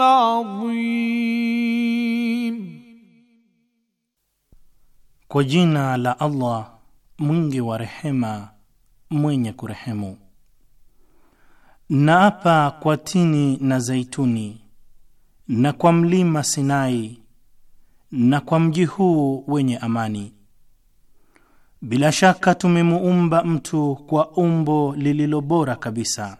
العظيم Kwa jina la Allah mwingi wa rehema mwenye kurehemu. Naapa kwa tini na zaituni na kwa mlima Sinai na kwa mji huu wenye amani. Bila shaka tumemuumba mtu kwa umbo lililo bora kabisa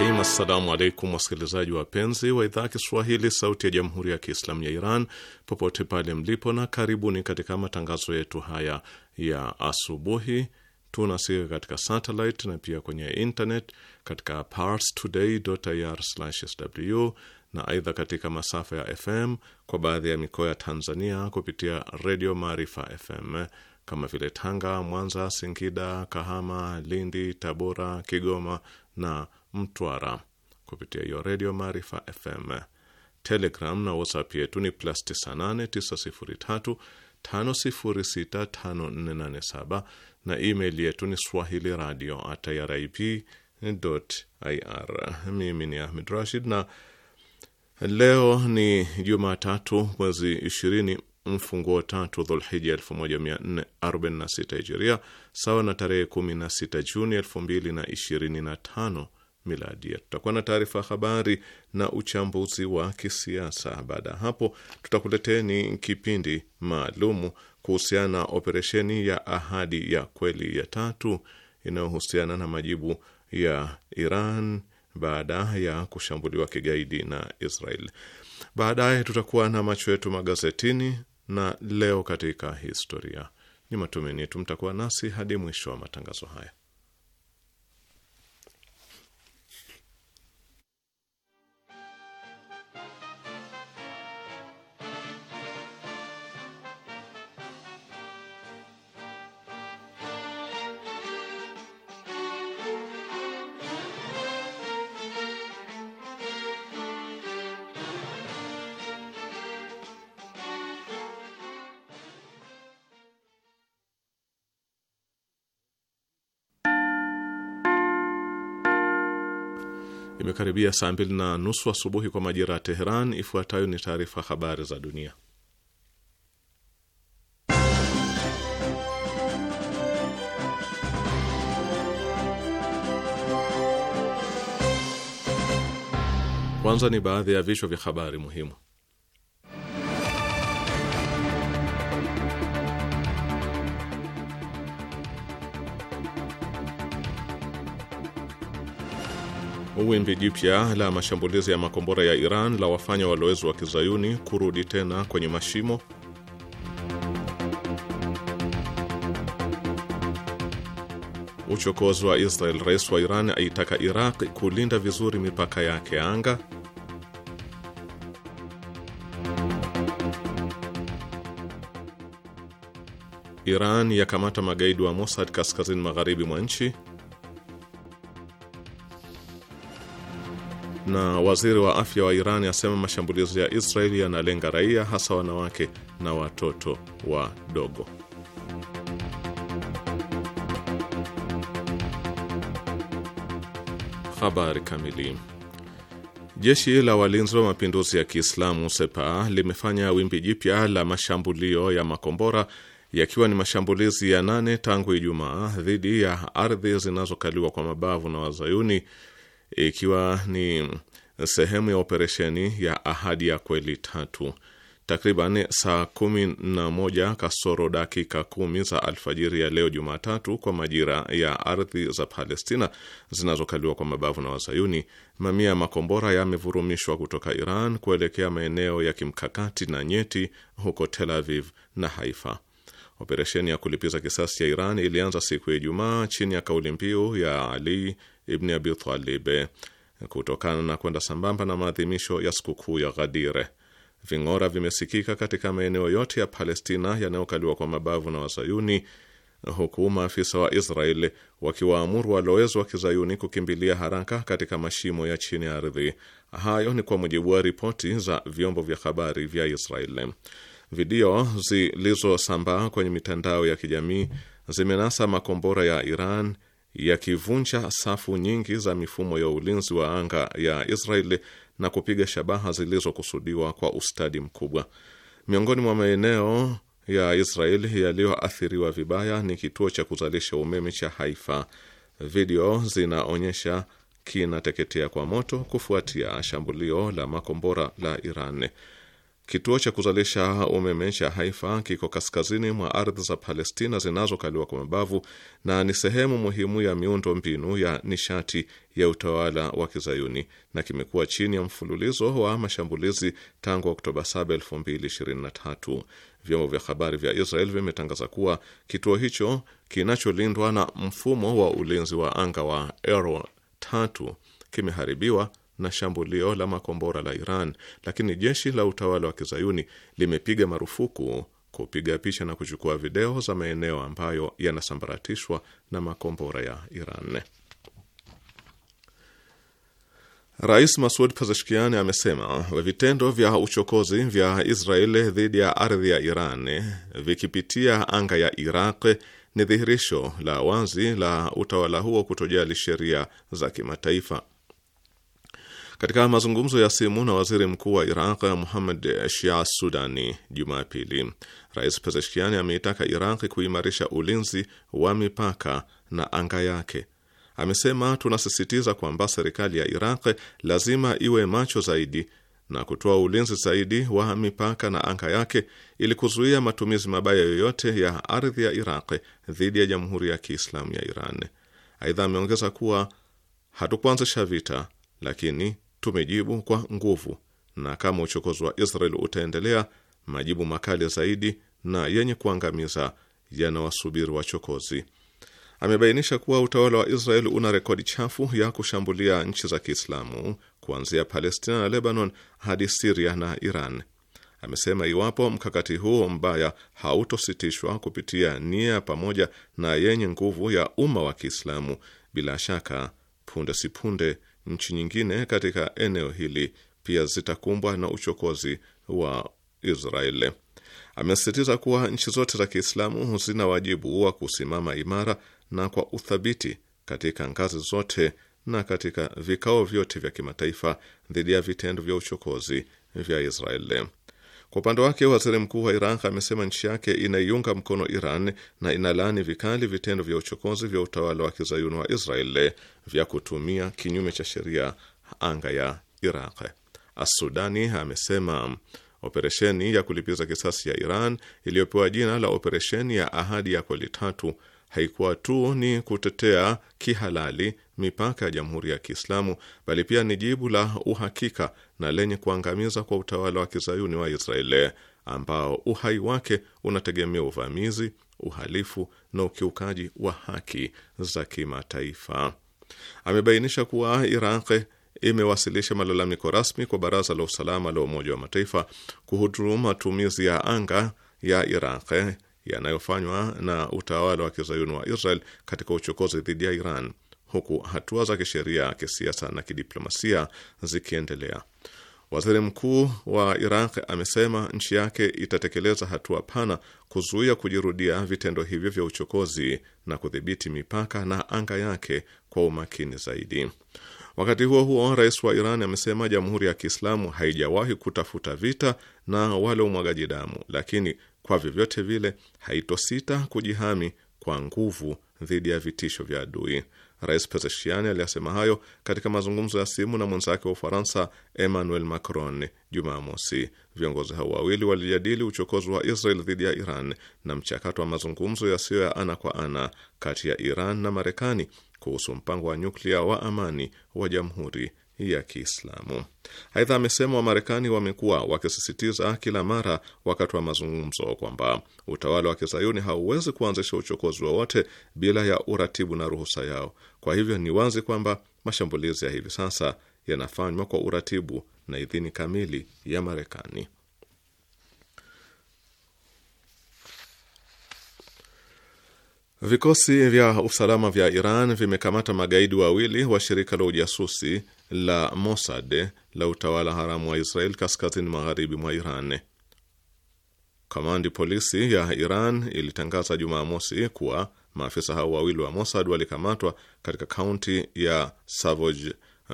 rahim. Assalamu alaikum wasikilizaji wapenzi wa idhaa Kiswahili sauti ya jamhuri ya Kiislamu ya Iran popote pale mlipo, na karibuni katika matangazo yetu haya ya asubuhi. Tunasikika katika satellite na pia kwenye internet katika parstoday.ir/sw na aidha katika masafa ya FM kwa baadhi ya mikoa ya Tanzania kupitia redio Maarifa FM kama vile Tanga, Mwanza, Singida, Kahama, Lindi, Tabora, Kigoma na Mtwara kupitia hiyo Redio Maarifa FM. Telegram na WhatsApp yetu ni plus 989035065487 na email yetu ni swahili radio at irib ir. Mimi ni Ahmed Rashid na leo ni Jumatatu mwezi ishirini mfunguo tatu Dhulhija 1446 Hijiria sawa na tarehe 16 Juni 2025 miladia. Tutakuwa na taarifa ya habari na uchambuzi wa kisiasa. Baada ya hapo, tutakuleteni kipindi maalumu kuhusiana na operesheni ya Ahadi ya Kweli ya tatu inayohusiana na majibu ya Iran baada ya kushambuliwa kigaidi na Israel. Baadaye tutakuwa na macho yetu magazetini na leo katika historia. Ni matumaini yetu mtakuwa nasi hadi mwisho wa matangazo haya. karibia saa mbili na nusu asubuhi kwa majira ya Teheran. Ifuatayo ni taarifa habari za dunia. Kwanza ni baadhi ya vichwa vya habari muhimu. Wimbi jipya la mashambulizi ya makombora ya Iran la wafanya walowezi wa kizayuni kurudi tena kwenye mashimo. Uchokozi wa Israel, rais wa Iran aitaka Iraq kulinda vizuri mipaka yake anga. Iran yakamata magaidi wa Mossad kaskazini magharibi mwa nchi. na waziri wa afya wa Iran asema mashambulizi ya Israeli yanalenga raia, hasa wanawake na watoto wadogo. Habari kamili. Jeshi la walinzi wa mapinduzi ya Kiislamu Sepa limefanya wimbi jipya la mashambulio ya makombora yakiwa ni mashambulizi ya nane tangu Ijumaa dhidi ya ardhi zinazokaliwa kwa mabavu na Wazayuni ikiwa ni sehemu ya operesheni ya Ahadi ya Kweli tatu. Takriban saa kumi na moja kasoro dakika kumi za alfajiri ya leo Jumatatu, kwa majira ya ardhi za Palestina zinazokaliwa kwa mabavu na Wazayuni, mamia ya makombora yamevurumishwa kutoka Iran kuelekea maeneo ya kimkakati na nyeti huko Tel Aviv na Haifa. Operesheni ya kulipiza kisasi ya Iran ilianza siku ya Ijumaa chini ya kauli mbiu ya Ali Ibni Abi Talib kutokana na kwenda sambamba na maadhimisho ya sikukuu ya Ghadire. Ving'ora vimesikika katika maeneo yote ya Palestina yanayokaliwa kwa mabavu na Wazayuni, huku maafisa wa Israeli wakiwaamuru walowezi wa kizayuni kukimbilia haraka katika mashimo ya chini ya ardhi. Hayo ni kwa mujibu wa ripoti za vyombo vya habari vya Israeli. Video zilizosambaa kwenye mitandao ya kijamii zimenasa makombora ya Iran yakivunja safu nyingi za mifumo ya ulinzi wa anga ya Israeli na kupiga shabaha zilizokusudiwa kwa ustadi mkubwa. Miongoni mwa maeneo ya Israeli yaliyoathiriwa vibaya ni kituo cha kuzalisha umeme cha Haifa. Video zinaonyesha kinateketea kwa moto kufuatia shambulio la makombora la Iran. Kituo cha kuzalisha umeme cha Haifa kiko kaskazini mwa ardhi za Palestina zinazokaliwa kwa mabavu na ni sehemu muhimu ya miundo mbinu ya nishati ya utawala wa Kizayuni na kimekuwa chini ya mfululizo wa mashambulizi tangu Oktoba 7, 2023. Vyombo vya habari vya Israel vimetangaza kuwa kituo hicho kinacholindwa na mfumo wa ulinzi wa anga wa Ero tatu kimeharibiwa na shambulio la makombora la Iran, lakini jeshi la utawala wa kizayuni limepiga marufuku kupiga picha na kuchukua video za maeneo ambayo yanasambaratishwa na makombora ya Iran. Rais Masud Pezeshkian amesema vitendo vya uchokozi vya Israeli dhidi ya ardhi ya Iran vikipitia anga ya Iraq ni dhihirisho la wazi la utawala huo kutojali sheria za kimataifa katika mazungumzo ya simu na waziri mkuu wa Iraq Muhammad Shia Sudani Jumapili, Rais Pezeshkiani ameitaka Iraq kuimarisha ulinzi wa mipaka na anga yake. Amesema, tunasisitiza kwamba serikali ya Iraq lazima iwe macho zaidi na kutoa ulinzi zaidi wa mipaka na anga yake ili kuzuia matumizi mabaya yoyote ya ardhi ya Iraq dhidi ya Jamhuri ya Kiislamu ya Iran. Aidha, ameongeza kuwa hatukuanzisha vita, lakini tumejibu kwa nguvu, na kama uchokozi wa Israel utaendelea, majibu makali zaidi na yenye kuangamiza yanawasubiri wachokozi. Amebainisha kuwa utawala wa Israel una rekodi chafu ya kushambulia nchi za Kiislamu kuanzia Palestina na Lebanon hadi Siria na Iran. Amesema iwapo mkakati huo mbaya hautositishwa kupitia nia pamoja na yenye nguvu ya umma wa Kiislamu, bila shaka punde si punde Nchi nyingine katika eneo hili pia zitakumbwa na uchokozi wa Israeli. Amesisitiza kuwa nchi zote za Kiislamu zina wajibu wa kusimama imara na kwa uthabiti katika ngazi zote na katika vikao vyote vya kimataifa dhidi ya vitendo vya uchokozi vya Israeli. Kwa upande wake waziri mkuu wa Iraq amesema nchi yake inaiunga mkono Iran na inalaani vikali vitendo vya uchokozi vya utawala wa kizayuni wa Israel vya kutumia kinyume cha sheria anga ya Iraq. Assudani amesema operesheni ya kulipiza kisasi ya Iran iliyopewa jina la operesheni ya ahadi ya koli tatu haikuwa tu ni kutetea kihalali mipaka ya Jamhuri ya Kiislamu bali pia ni jibu la uhakika na lenye kuangamiza kwa utawala wa kizayuni wa Israeli ambao uhai wake unategemea uvamizi, uhalifu na ukiukaji wa haki za kimataifa. Amebainisha kuwa Iraq imewasilisha malalamiko rasmi kwa Baraza la Usalama la Umoja wa Mataifa kuhudhuru matumizi ya anga ya Iraq yanayofanywa na utawala wa kizayuni wa Israel katika uchokozi dhidi ya Iran, huku hatua za kisheria, kisiasa na kidiplomasia zikiendelea. Waziri mkuu wa Iraq amesema nchi yake itatekeleza hatua pana kuzuia kujirudia vitendo hivyo vya uchokozi na kudhibiti mipaka na anga yake kwa umakini zaidi. Wakati huo huo, rais wa Iran amesema jamhuri ya Kiislamu haijawahi kutafuta vita na wala umwagaji damu, lakini kwa vyovyote vile haitosita kujihami kwa nguvu dhidi ya vitisho vya adui. Rais Pezeshiani aliyasema hayo katika mazungumzo ya simu na mwenzake wa Ufaransa Emmanuel Macron Jumamosi. Viongozi hao wawili walijadili uchokozi wa Israel dhidi ya Iran na mchakato wa mazungumzo yasiyo ya ana kwa ana kati ya Iran na Marekani kuhusu mpango wa nyuklia wa amani wa Jamhuri ya Kiislamu. Aidha, amesema Wamarekani wamekuwa wakisisitiza kila mara wakati wa mazungumzo kwamba utawala wa kizayuni hauwezi kuanzisha uchokozi wowote bila ya uratibu na ruhusa yao. Kwa hivyo ni wazi kwamba mashambulizi ya hivi sasa yanafanywa kwa uratibu na idhini kamili ya Marekani. Vikosi vya usalama vya Iran vimekamata magaidi wawili wa shirika la ujasusi la Mossad la utawala haramu wa Israel kaskazini magharibi mwa Iran. Kamandi polisi ya Iran ilitangaza Jumamosi kuwa maafisa hao wawili wa Mossad walikamatwa katika kaunti ya Savoj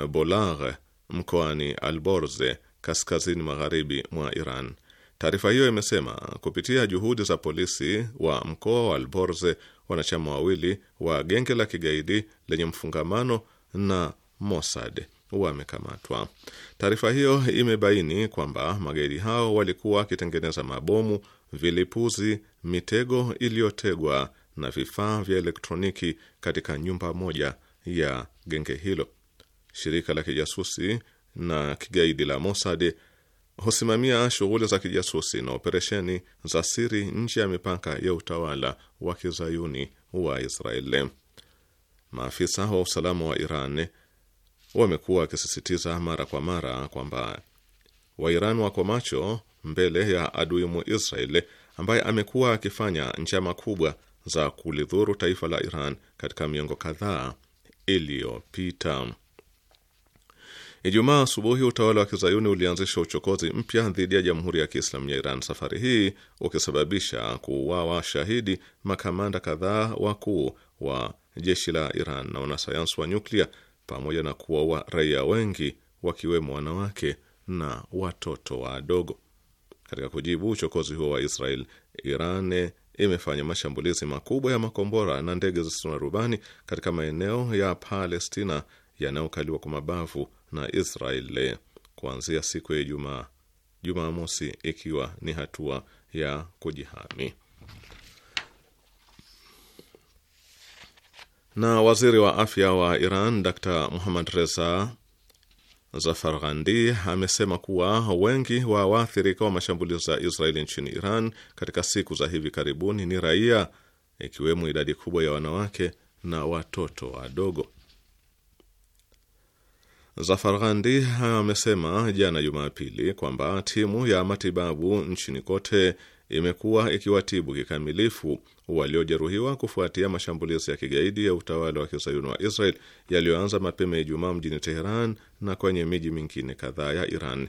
Bolagh mkoani Alborze kaskazini magharibi mwa Iran. Taarifa hiyo imesema kupitia juhudi za polisi wa mkoa wa Alborze, wanachama wawili wa genge la kigaidi lenye mfungamano na Mossad wamekamatwa. Taarifa hiyo imebaini kwamba magaidi hao walikuwa wakitengeneza mabomu, vilipuzi, mitego iliyotegwa na vifaa vya elektroniki katika nyumba moja ya genge hilo. Shirika la kijasusi na kigaidi la Mossad husimamia shughuli za kijasusi na operesheni za siri nje ya mipaka ya utawala wa kizayuni wa Israeli. Maafisa wa usalama wa Iran wamekuwa wakisisitiza mara kwa mara kwamba wairan wako macho mbele ya adui Muisraeli ambaye amekuwa akifanya njama kubwa za kulidhuru taifa la Iran katika miongo kadhaa iliyopita. Ijumaa asubuhi utawala wa kizayuni ulianzisha uchokozi mpya dhidi ya jamhuri ya kiislamu ya Iran, safari hii ukisababisha kuuawa shahidi makamanda kadhaa wakuu wa jeshi la Iran na wanasayansi wa nyuklia pamoja na kuwaua raia wengi wakiwemo wanawake na watoto wadogo. Katika kujibu uchokozi huo wa Israel, Iran imefanya mashambulizi makubwa ya makombora na ndege zisizo na rubani katika maeneo ya Palestina yanayokaliwa kwa mabavu na Israel kuanzia siku ya Ijumaa Jumamosi, ikiwa ni hatua ya kujihami. Na waziri wa afya wa Iran Dr Muhammad Reza Zafarghandi amesema kuwa wengi wa waathirika wa mashambulizi ya Israeli nchini Iran katika siku za hivi karibuni ni raia, ikiwemo idadi kubwa ya wanawake na watoto wadogo. Zafarghandi amesema jana Jumapili kwamba timu ya matibabu nchini kote imekuwa ikiwatibu kikamilifu waliojeruhiwa kufuatia mashambulizi ya kigaidi ya utawala wa kizayuni wa Israel yaliyoanza mapema Ijumaa mjini Teheran na kwenye miji mingine kadhaa ya Iran.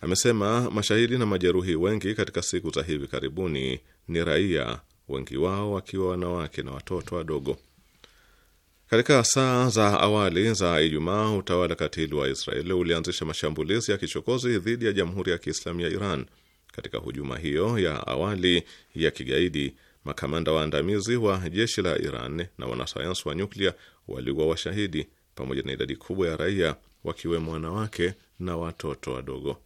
Amesema mashahidi na majeruhi wengi katika siku za hivi karibuni ni raia, wengi wao wakiwa wanawake na watoto wadogo. Katika saa za awali za Ijumaa, utawala katili wa Israeli ulianzisha mashambulizi ya kichokozi dhidi ya Jamhuri ya Kiislamu ya Iran. Katika hujuma hiyo ya awali ya kigaidi makamanda waandamizi wa jeshi la Iran na wanasayansi wa nyuklia waliwa washahidi pamoja na idadi kubwa ya raia wakiwemo wanawake na watoto wadogo.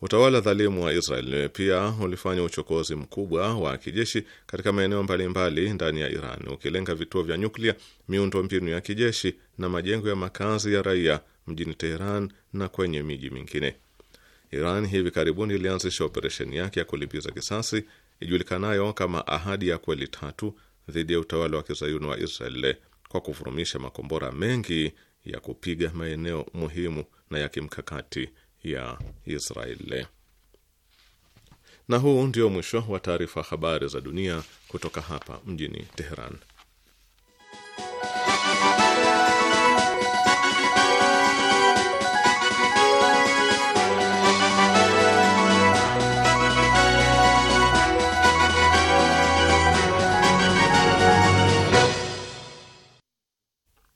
Utawala dhalimu wa Israel pia ulifanya uchokozi mkubwa wa kijeshi katika maeneo mbalimbali ndani ya Iran, ukilenga vituo vya nyuklia, miundo mbinu ya kijeshi na majengo ya makazi ya raia mjini Teheran na kwenye miji mingine. Iran hivi karibuni ilianzisha operesheni yake ya kulipiza kisasi ijulikanayo kama ahadi ya kweli tatu dhidi ya utawala wa kizayuni wa Israel kwa kuvurumisha makombora mengi ya kupiga maeneo muhimu na ya kimkakati ya Israel. Na huu ndio mwisho wa taarifa habari za dunia kutoka hapa mjini Teheran.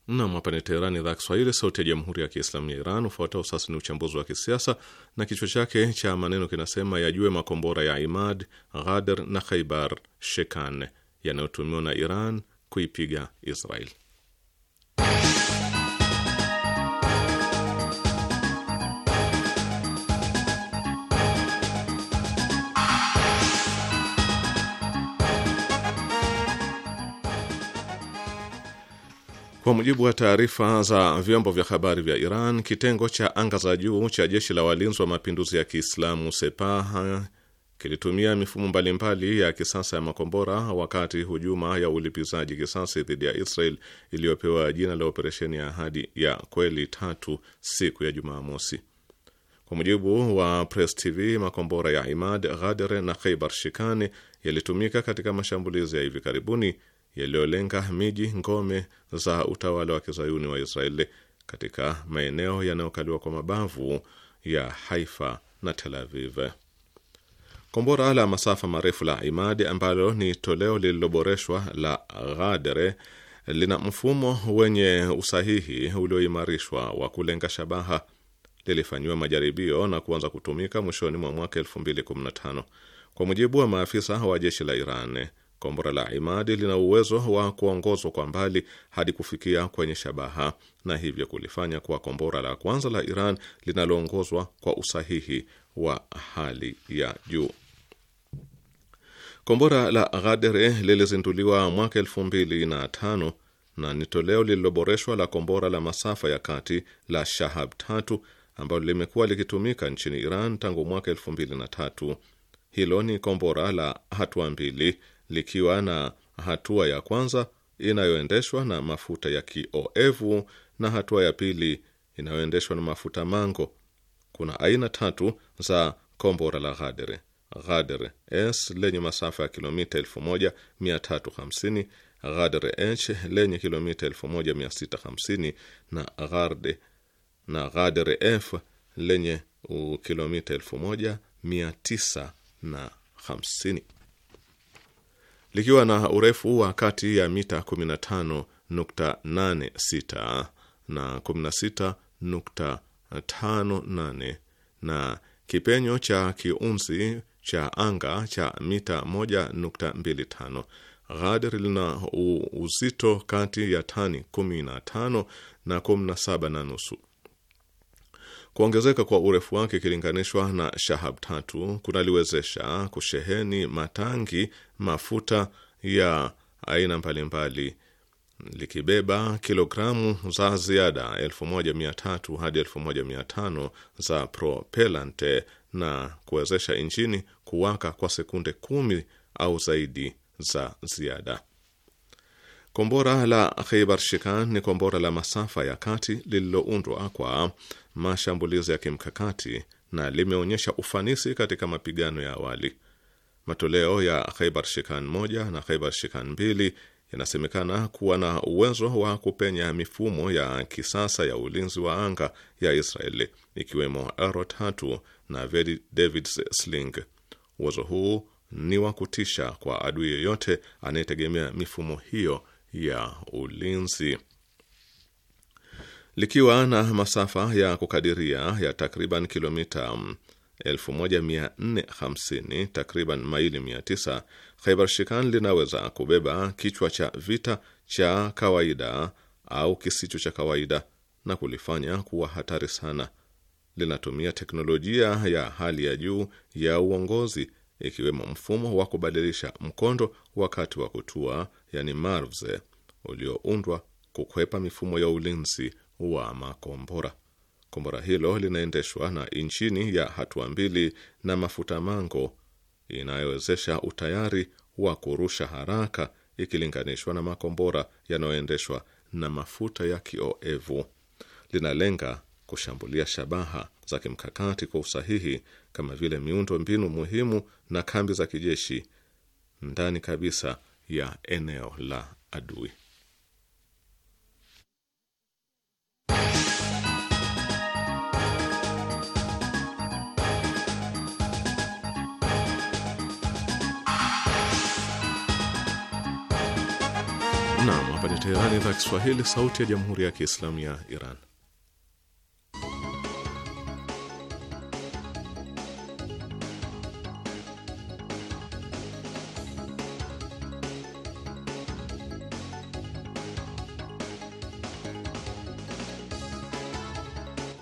Nam, hapa ni Teherani, idhaa Kiswahili, sauti ya jamhuri ya kiislamu ya Iran. Ufuatao sasa ni uchambuzi wa kisiasa na kichwa chake cha maneno kinasema yajue makombora ya Imad, Ghader na Khaibar Shekan yanayotumiwa na Iran kuipiga Israel. Kwa mujibu wa taarifa za vyombo vya habari vya Iran, kitengo cha anga za juu cha jeshi la walinzi wa mapinduzi ya Kiislamu Sepah kilitumia mifumo mbalimbali ya kisasa ya makombora wakati hujuma ya ulipizaji kisasi dhidi ya Israel iliyopewa jina la operesheni ya Ahadi ya Kweli tatu siku ya Jumamosi. Kwa mujibu wa Press TV, makombora ya Imad ghadere na Khaibar Shikani yalitumika katika mashambulizi ya hivi karibuni yaliyolenga miji ngome za utawala wa kizayuni wa Israeli katika maeneo yanayokaliwa kwa mabavu ya Haifa na Tel Aviv. Kombora la masafa marefu la Imadi ambalo ni toleo lililoboreshwa la Ghadere lina mfumo wenye usahihi ulioimarishwa wa kulenga shabaha. Lilifanyiwa majaribio na kuanza kutumika mwishoni mwa mwaka 2015 kwa mujibu wa maafisa wa jeshi la Iran. Kombora la Imadi lina uwezo wa kuongozwa kwa mbali hadi kufikia kwenye shabaha na hivyo kulifanya kuwa kombora la kwanza la Iran linaloongozwa kwa usahihi wa hali ya juu. Kombora la Ghadere lilizinduliwa mwaka elfu mbili na tano na ni toleo lililoboreshwa la kombora la masafa ya kati la Shahab tatu ambalo limekuwa likitumika nchini Iran tangu mwaka elfu mbili na tatu. Hilo ni kombora la hatua mbili likiwa na hatua ya kwanza inayoendeshwa na mafuta ya kioevu na hatua ya pili inayoendeshwa na mafuta mango. Kuna aina tatu za kombora la Ghadere: Ghadere S lenye masafa ya kilomita 1350, Ghadere H lenye kilomita 1650 na Gharde na Ghadere F lenye kilomita 1950 likiwa na urefu wa kati ya mita 15.86 na 16.58 na kipenyo cha kiunzi cha anga cha mita 1.25. Ghadir lina uzito kati ya tani 15 na 17 na nusu Kuongezeka kwa urefu wake ikilinganishwa na Shahab tatu kunaliwezesha kusheheni matangi mafuta ya aina mbalimbali likibeba kilogramu za ziada 1300 hadi 1500 za propellant na kuwezesha injini kuwaka kwa sekunde kumi au zaidi za ziada. Kombora la Kheibar Shikan ni kombora la masafa ya kati lililoundwa kwa mashambulizi ya kimkakati na limeonyesha ufanisi katika mapigano ya awali. Matoleo ya Khaibar Shikan moja na Khaibar Shikan mbili yanasemekana kuwa na uwezo wa kupenya mifumo ya kisasa ya ulinzi wa anga ya Israeli ikiwemo Arrow tatu na David's Sling. Uwezo huu ni wa kutisha kwa adui yeyote anayetegemea mifumo hiyo ya ulinzi likiwa na masafa ya kukadiria ya takriban kilomita 1450 takriban maili 900, Khaibar Shikan linaweza kubeba kichwa cha vita cha kawaida au kisicho cha kawaida na kulifanya kuwa hatari sana. Linatumia teknolojia ya hali ya juu ya uongozi ikiwemo mfumo wa kubadilisha mkondo wakati wa kutua, yani MARVs, ulioundwa kukwepa mifumo ya ulinzi wa makombora. Kombora hilo linaendeshwa na injini ya hatua mbili na mafuta mango inayowezesha utayari wa kurusha haraka ikilinganishwa na makombora yanayoendeshwa na mafuta ya kioevu. Linalenga kushambulia shabaha za kimkakati kwa usahihi kama vile miundo mbinu muhimu na kambi za kijeshi ndani kabisa ya eneo la adui. Teherani, idhaa Kiswahili, sauti ya jamhuri ya kiislamu ya Iran.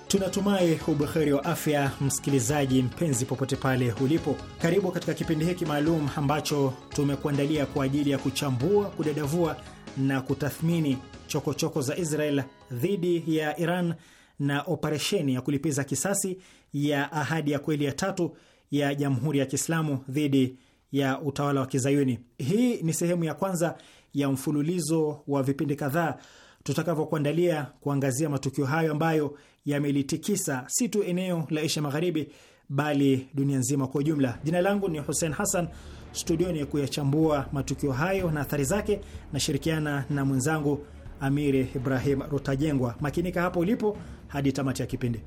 Tunatumai ubuheri wa afya, msikilizaji mpenzi, popote pale ulipo. Karibu katika kipindi hiki maalum ambacho tumekuandalia kwa ajili ya kuchambua, kudadavua na kutathmini chokochoko choko za Israel dhidi ya Iran na operesheni ya kulipiza kisasi ya ahadi ya kweli ya tatu ya Jamhuri ya Kiislamu dhidi ya utawala wa Kizayuni. Hii ni sehemu ya kwanza ya mfululizo wa vipindi kadhaa tutakavyokuandalia kuangazia matukio hayo ambayo yamelitikisa si tu eneo la Asia Magharibi bali dunia nzima kwa ujumla. Jina langu ni Hussein Hassan studioni kuyachambua matukio hayo na athari zake, nashirikiana na mwenzangu Amiri Ibrahim Rutajengwa. Makinika hapo ulipo hadi tamati ya kipindi.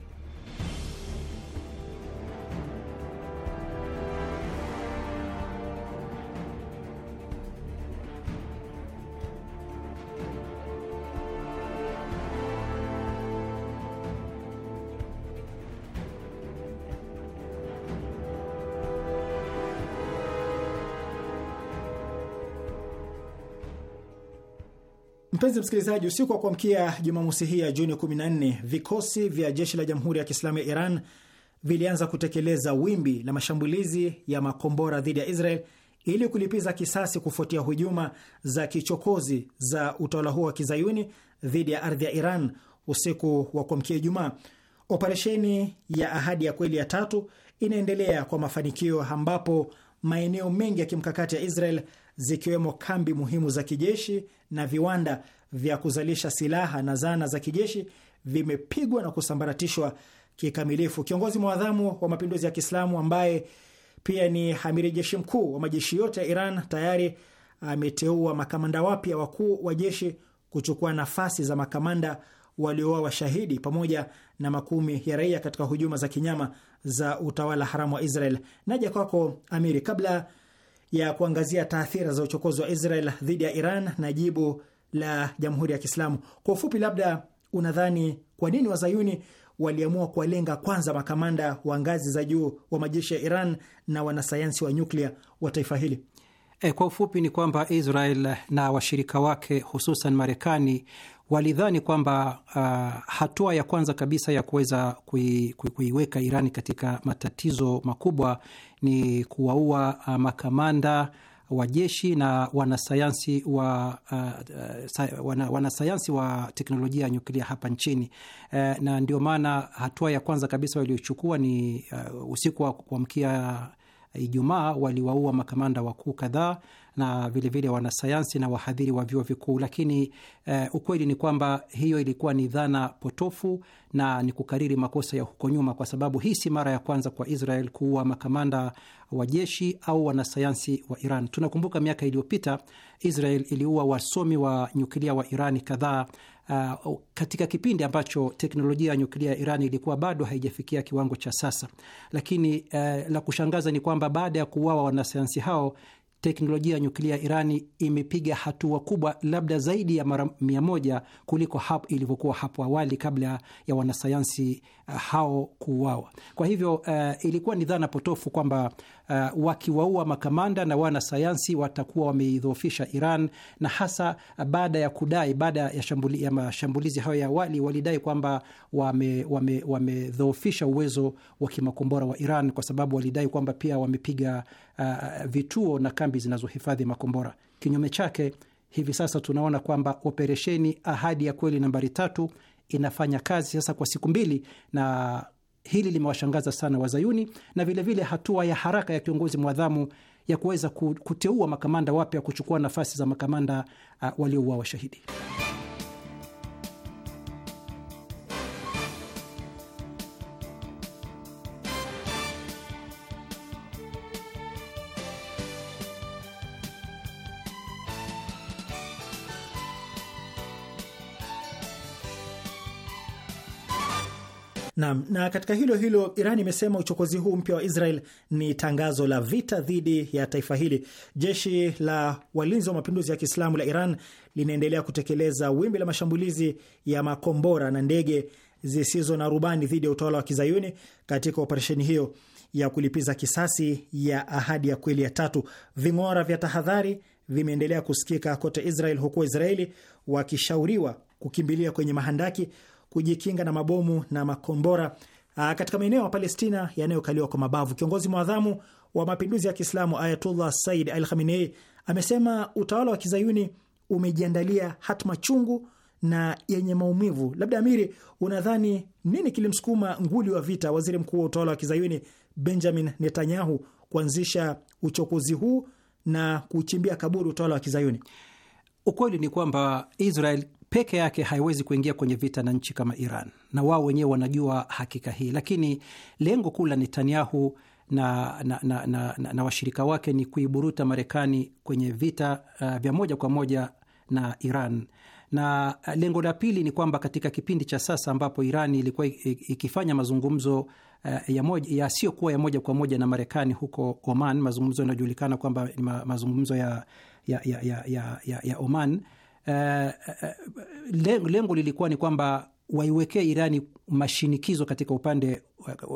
Mpenzi msikilizaji, usiku wa kuamkia Jumamosi hii ya Juni 14 vikosi vya jeshi la Jamhuri ya Kiislamu ya Iran vilianza kutekeleza wimbi la mashambulizi ya makombora dhidi ya Israel ili kulipiza kisasi kufuatia hujuma za kichokozi za utawala huo wa kizayuni dhidi ya ardhi ya Iran usiku wa kuamkia Ijumaa. Operesheni ya Ahadi ya Kweli ya tatu inaendelea kwa mafanikio, ambapo maeneo mengi ya kimkakati ya Israel zikiwemo kambi muhimu za kijeshi na viwanda vya kuzalisha silaha na zana za kijeshi vimepigwa na kusambaratishwa kikamilifu. Kiongozi mwadhamu wa mapinduzi ya Kiislamu ambaye pia ni amiri jeshi mkuu wa majeshi yote ya Iran tayari ameteua makamanda wapya wakuu wa jeshi kuchukua nafasi za makamanda walioa washahidi pamoja na makumi ya raia katika hujuma za kinyama za utawala haramu wa Israel. Naja kwako Amiri, kabla ya kuangazia taathira za uchokozi wa Israel dhidi ya Iran na jibu la Jamhuri ya Kiislamu. Kwa ufupi, labda unadhani kwa nini wazayuni waliamua kuwalenga kwanza makamanda wa ngazi za juu wa majeshi ya Iran na wanasayansi wa nyuklia wa taifa hili? E, kwa ufupi ni kwamba Israel na washirika wake hususan Marekani walidhani kwamba uh, hatua ya kwanza kabisa ya kuweza kuiweka kui, Irani katika matatizo makubwa ni kuwaua uh, makamanda wa jeshi na wanasayansi wa, uh, uh, wana, wanasayansi wa teknolojia ya nyuklia hapa nchini uh, na ndio maana hatua ya kwanza kabisa waliochukua ni uh, usiku wa kuamkia Ijumaa waliwaua makamanda wakuu kadhaa na vilevile vile wanasayansi na wahadhiri wa vyuo vikuu, lakini eh, ukweli ni kwamba hiyo ilikuwa ni dhana potofu na ni kukariri makosa ya huko nyuma, kwa sababu hii si mara ya kwanza kwa Israel kuua makamanda wa jeshi au wanasayansi wa Iran. Tunakumbuka miaka iliyopita Israel iliua wasomi wa nyukilia wa Irani kadhaa Uh, katika kipindi ambacho teknolojia ya nyuklia ya Iran ilikuwa bado haijafikia kiwango cha sasa, lakini uh, la kushangaza ni kwamba baada ya kuuawa wanasayansi hao teknolojia ya nyuklia ya Irani imepiga hatua kubwa, labda zaidi ya mara mia moja kuliko hap ilivyokuwa hapo awali kabla ya wanasayansi eh, hao kuuawa. Kwa hivyo uh, ilikuwa ni dhana potofu kwamba uh, wakiwaua makamanda na wanasayansi watakuwa wameidhoofisha Iran, na hasa baada ya kudai, baada ya, shambuli, ya mashambulizi hayo ya awali walidai kwamba wamedhoofisha wame, wame uwezo wa kimakombora wa Iran kwa sababu walidai kwamba pia wamepiga uh, vituo na kambi zinazohifadhi makombora. Kinyume chake, hivi sasa tunaona kwamba operesheni Ahadi ya Kweli nambari tatu inafanya kazi sasa kwa siku mbili na Hili limewashangaza sana Wazayuni na vilevile vile hatua ya haraka ya kiongozi mwadhamu ya kuweza kuteua makamanda wapya kuchukua nafasi za makamanda uh, waliouawa shahidi. Naam, na katika hilo hilo Iran imesema uchokozi huu mpya wa Israel ni tangazo la vita dhidi ya taifa hili. Jeshi la walinzi wa mapinduzi ya Kiislamu la Iran linaendelea kutekeleza wimbi la mashambulizi ya makombora na ndege zisizo na rubani dhidi ya utawala wa Kizayuni katika operesheni hiyo ya kulipiza kisasi ya ahadi ya kweli ya tatu. Ving'ora vya tahadhari vimeendelea kusikika kote Israel, huku Waisraeli wakishauriwa kukimbilia kwenye mahandaki kujikinga na mabomu na makombora uh, katika maeneo ya Palestina yanayokaliwa kwa mabavu. Kiongozi mwadhamu wa mapinduzi ya Kiislamu Ayatullah Said Al Khamenei amesema utawala wa kizayuni umejiandalia hatma chungu na yenye maumivu. Labda Amiri, unadhani nini kilimsukuma nguli wa vita, waziri mkuu wa utawala wa kizayuni Benjamin Netanyahu kuanzisha uchokozi huu na kuchimbia kaburi utawala wa kizayuni? Ukweli ni kwamba Israel peke yake haiwezi kuingia kwenye vita na nchi kama Iran, na wao wenyewe wanajua hakika hii, lakini lengo kuu la Netanyahu na, na, na, na, na, na washirika wake ni kuiburuta Marekani kwenye vita uh, vya moja kwa moja na Iran na uh, lengo la pili ni kwamba katika kipindi cha sasa ambapo Iran ilikuwa ikifanya mazungumzo uh, yasiyokuwa ya, moja kwa moja na Marekani huko Oman, mazungumzo yanayojulikana kwamba ni mazungumzo ya, ya, ya, ya, ya, ya Oman uh, lengo lilikuwa ni kwamba waiwekee Irani mashinikizo katika upande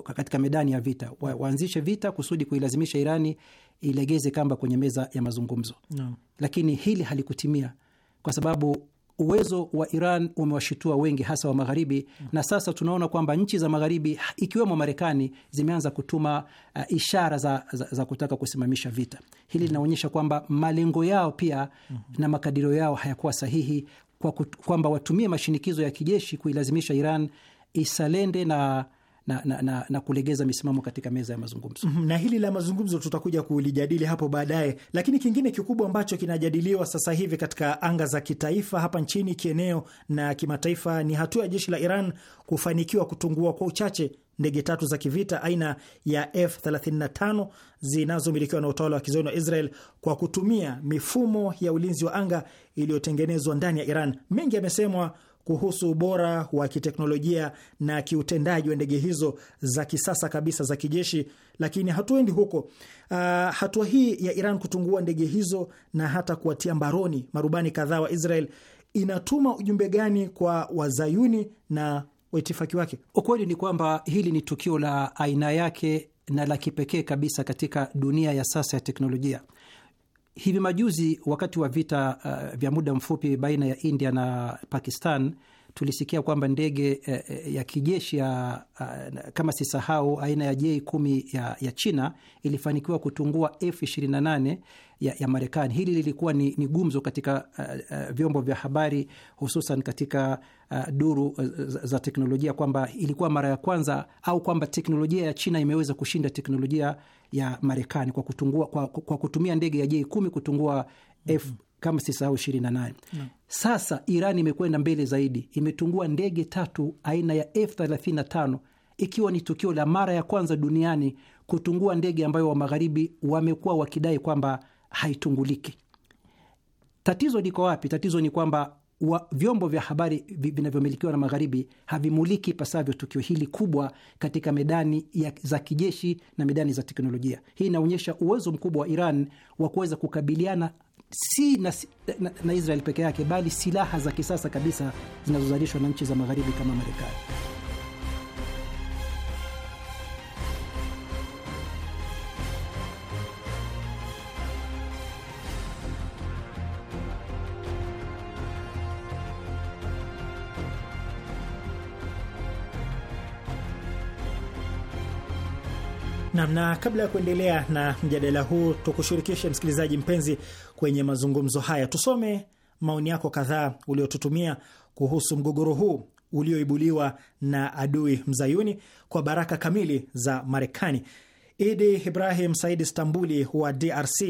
katika medani ya vita, wa, waanzishe vita kusudi kuilazimisha Irani ilegeze kamba kwenye meza ya mazungumzo no. Lakini hili halikutimia kwa sababu uwezo wa Iran umewashitua wengi, hasa wa Magharibi, mm. na sasa tunaona kwamba nchi za Magharibi ikiwemo Marekani zimeanza kutuma uh, ishara za, za, za kutaka kusimamisha vita. Hili mm. linaonyesha kwamba malengo yao pia mm-hmm. na makadirio yao hayakuwa sahihi, kwa kwamba watumie mashinikizo ya kijeshi kuilazimisha Iran isalende na na, na, na, na kulegeza misimamo katika meza ya mazungumzo. Mhm, na hili la mazungumzo tutakuja kulijadili hapo baadaye, lakini kingine kikubwa ambacho kinajadiliwa sasa hivi katika anga za kitaifa hapa nchini, kieneo na kimataifa ni hatua ya jeshi la Iran kufanikiwa kutungua kwa uchache ndege tatu za kivita aina ya F35 zinazomilikiwa na utawala wa kizayuni wa Israel kwa kutumia mifumo ya ulinzi wa anga iliyotengenezwa ndani ya Iran. Mengi yamesemwa kuhusu ubora wa kiteknolojia na kiutendaji wa ndege hizo za kisasa kabisa za kijeshi, lakini hatuendi huko. Uh, hatua hii ya Iran kutungua ndege hizo na hata kuwatia mbaroni marubani kadhaa wa Israel inatuma ujumbe gani kwa wazayuni na waitifaki wake? Ukweli ni kwamba hili ni tukio la aina yake na la kipekee kabisa katika dunia ya sasa ya teknolojia. Hivi majuzi wakati wa vita uh, vya muda mfupi baina ya India na Pakistan tulisikia kwamba ndege eh, eh, ya kijeshi ya eh, kama sisahau aina ya J10 ya, ya China ilifanikiwa kutungua F28 ya, ya Marekani. Hili lilikuwa ni, ni gumzo katika uh, uh, vyombo vya habari hususan katika uh, duru uh, za teknolojia kwamba ilikuwa mara ya kwanza au kwamba teknolojia ya China imeweza kushinda teknolojia ya Marekani kwa, kwa, kwa kutumia ndege ya J10 kutungua F mm-hmm. kama sisahau 28 mm. Mm-hmm. Sasa Iran imekwenda mbele zaidi, imetungua ndege tatu aina ya F35 ikiwa ni tukio la mara ya kwanza duniani kutungua ndege ambayo wa magharibi wamekuwa wakidai kwamba haitunguliki. Tatizo liko wapi? Tatizo ni kwamba wa vyombo vya habari vinavyomilikiwa na magharibi havimuliki pasavyo tukio hili kubwa katika medani ya za kijeshi na medani za teknolojia. Hii inaonyesha uwezo mkubwa wa Iran wa kuweza kukabiliana si na, na, na Israel peke yake, bali silaha za kisasa kabisa zinazozalishwa na nchi za magharibi kama Marekani. Nam, na kabla ya kuendelea na mjadala huu, tukushirikishe msikilizaji mpenzi kwenye mazungumzo haya. Tusome maoni yako kadhaa uliotutumia kuhusu mgogoro huu ulioibuliwa na adui mzayuni kwa baraka kamili za Marekani. Idi Ibrahim Said Stambuli wa DRC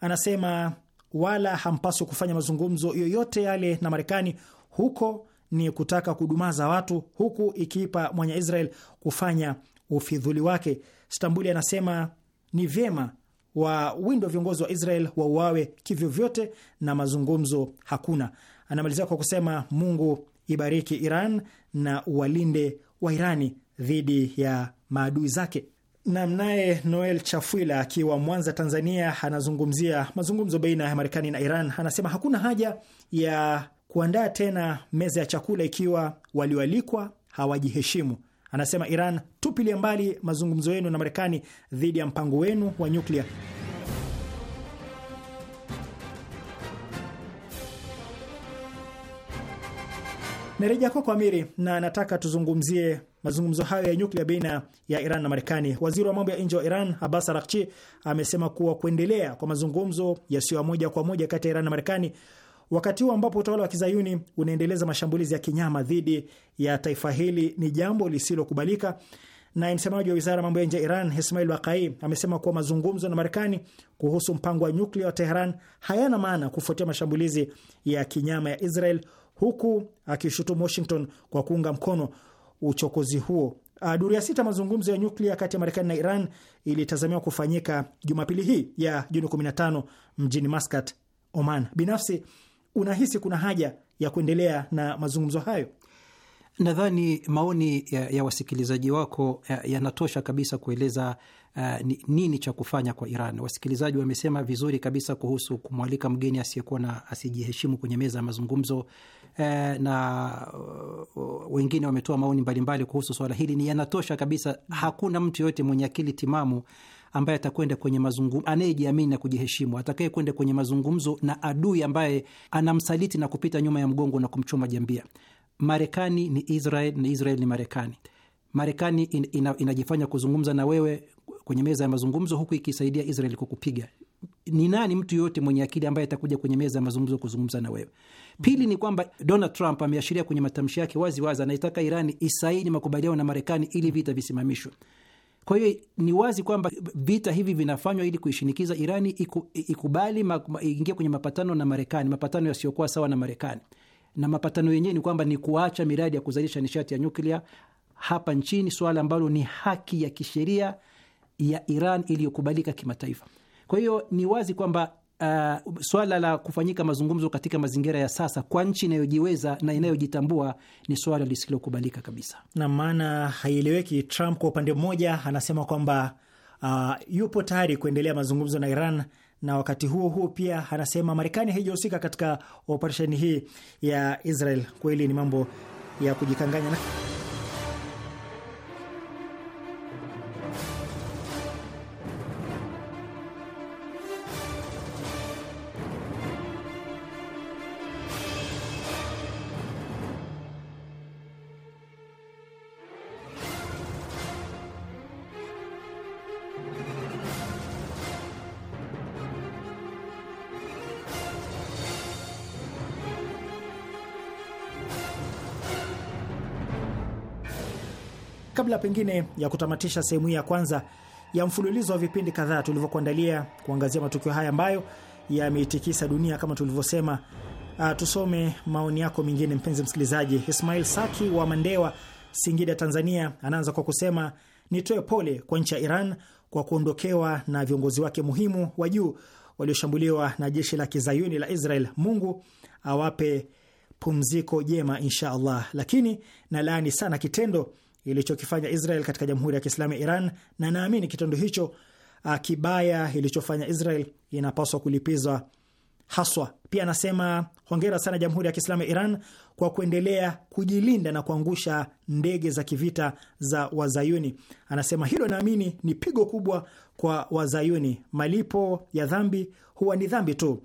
anasema wala hampaswi kufanya mazungumzo yoyote yale na Marekani, huko ni kutaka kudumaza watu, huku ikiipa mwenye Israel kufanya ufidhuli wake. Stambuli anasema ni vyema wawindwa viongozi wa Israel wauawe kivyovyote na mazungumzo hakuna. Anamalizia kwa kusema Mungu ibariki Iran na uwalinde wa Irani dhidi ya maadui zake. namnaye Noel Chafwila akiwa Mwanza, Tanzania, anazungumzia mazungumzo baina ya Marekani na Iran. Anasema hakuna haja ya kuandaa tena meza ya chakula ikiwa walioalikwa hawajiheshimu. Anasema Iran, tupilie mbali mazungumzo yenu na Marekani dhidi ya mpango wenu wa nyuklia. Nareja kwako Amiri, na nataka tuzungumzie mazungumzo hayo ya nyuklia baina ya Iran na Marekani. Waziri wa mambo ya nje wa Iran Abbas Araghchi amesema kuwa kuendelea kwa mazungumzo yasiyo ya moja kwa moja kati ya Iran na Marekani Wakati huu ambapo utawala wa kizayuni unaendeleza mashambulizi ya kinyama dhidi ya taifa hili ni jambo lisilokubalika, na msemaji wa wizara ya mambo ya nje ya Iran Ismail Waqai amesema kuwa mazungumzo na Marekani kuhusu mpango wa nyuklia wa Teheran hayana maana kufuatia mashambulizi ya kinyama ya Israel, huku akishutumu Washington kwa kuunga mkono uchokozi huo. Ah, duru ya sita mazungumzo ya nyuklia kati ya Marekani na Iran ilitazamiwa kufanyika Jumapili hii ya Juni 15 mjini Maskat, Oman. Binafsi unahisi kuna haja ya kuendelea na mazungumzo hayo? Nadhani maoni ya, ya wasikilizaji wako yanatosha ya kabisa kueleza uh, nini cha kufanya kwa Iran. Wasikilizaji wamesema vizuri kabisa kuhusu kumwalika mgeni asiyekuwa na asijiheshimu kwenye meza ya mazungumzo uh, na uh, wengine wametoa maoni mbalimbali kuhusu swala hili, ni yanatosha kabisa. Mm. Hakuna mtu yoyote mwenye akili timamu ambaye atakwenda kwenye mazungumzo, anayejiamini na kujiheshimu, atakayekwenda kwenye mazungumzo na adui ambaye anamsaliti na kupita nyuma ya mgongo na kumchoma jambia. Marekani ni Israel na Israel ni Marekani. Marekani in, ina, inajifanya kuzungumza na wewe kwenye meza ya mazungumzo huku ikisaidia Israel kukupiga. Ni nani mtu yoyote mwenye akili ambaye atakuja kwenye meza ya mazungumzo kuzungumza na wewe? Pili ni kwamba Donald Trump ameashiria kwenye matamshi yake waziwazi, anaitaka Irani isaini makubaliano na Marekani ili vita visimamishwe. Kwa hiyo ni wazi kwamba vita hivi vinafanywa ili kuishinikiza Irani iku, ikubali ingie kwenye mapatano na Marekani, mapatano yasiyokuwa sawa na Marekani, na mapatano yenyewe ni kwamba ni kuacha miradi ya kuzalisha nishati ya nyuklia hapa nchini, suala ambalo ni haki ya kisheria ya Iran iliyokubalika kimataifa. Kwa hiyo ni wazi kwamba uh, swala la kufanyika mazungumzo katika mazingira ya sasa kwa nchi inayojiweza na inayojitambua ni swala lisilokubalika kabisa, na maana haieleweki. Trump kwa upande mmoja anasema kwamba uh, yupo tayari kuendelea mazungumzo na Iran na wakati huo huo pia anasema Marekani haijahusika katika operesheni hii ya Israel. Kweli ni mambo ya kujikanganya. Kabla pengine ya kutamatisha sehemu hii ya kwanza ya mfululizo wa vipindi kadhaa tulivyokuandalia kuangazia matukio haya ambayo yameitikisa dunia kama tulivyosema, uh, tusome maoni yako mengine, mpenzi msikilizaji. Ismail Saki wa Mandewa, Singida, Tanzania, anaanza kwa kusema nitoe pole kwa nchi ya Iran kwa kuondokewa na viongozi wake muhimu wa juu walioshambuliwa na jeshi la kizayuni la Israel. Mungu awape pumziko jema, insha Allah, lakini nalaani sana kitendo ilichokifanya Israel katika Jamhuri ya Kiislamu ya Iran, na naamini kitendo hicho ah, kibaya ilichofanya Israel inapaswa kulipizwa haswa. Pia anasema hongera sana Jamhuri ya Kiislamu ya Iran kwa kuendelea kujilinda na kuangusha ndege za kivita za Wazayuni. Anasema hilo, naamini ni pigo kubwa kwa Wazayuni. Malipo ya dhambi huwa ni dhambi tu.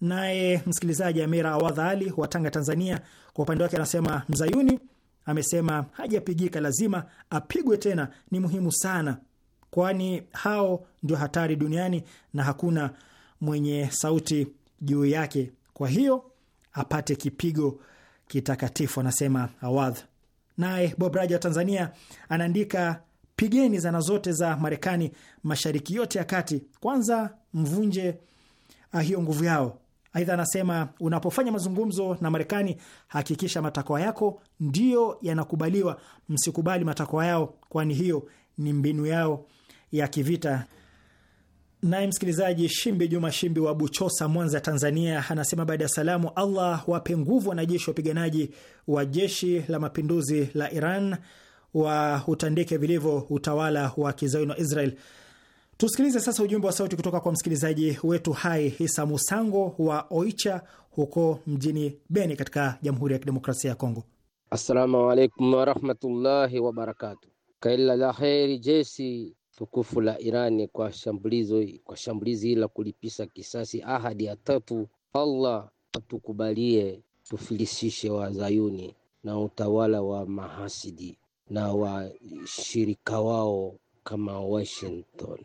Naye msikilizaji Amira Awadha Ali wa Tanga, Tanzania, kwa upande wake anasema mzayuni amesema hajapigika, lazima apigwe tena, ni muhimu sana, kwani hao ndio hatari duniani na hakuna mwenye sauti juu yake, kwa hiyo apate kipigo kitakatifu, anasema Awadh. Naye Bob Raja wa Tanzania anaandika, pigeni zana zote za Marekani mashariki yote ya kati, kwanza mvunje ah, hiyo nguvu yao Aidha anasema unapofanya mazungumzo na Marekani, hakikisha matakwa yako ndiyo yanakubaliwa, msikubali matakwa yao, kwani hiyo ni mbinu yao ya kivita. Naye msikilizaji Shimbi Juma Shimbi wa Buchosa, Mwanza, Tanzania, anasema baada ya salamu, Allah wape nguvu wanajeshi wapiganaji wa jeshi la mapinduzi la Iran, wa utandike vilivyo utawala wa kizayuni wa Israel. Tusikilize sasa ujumbe wa sauti kutoka kwa msikilizaji wetu hai Hisa Musango wa Oicha huko mjini Beni katika Jamhuri ya Kidemokrasia ya Kongo. Assalamu alaikum warahmatullahi wabarakatu. Kaila la heri jeshi tukufu la Irani kwa shambulizi kwa shambulizi la kulipisha kisasi ahadi ya tatu. Allah atukubalie tufilisishe wazayuni na utawala wa mahasidi na washirika wao kama Washington.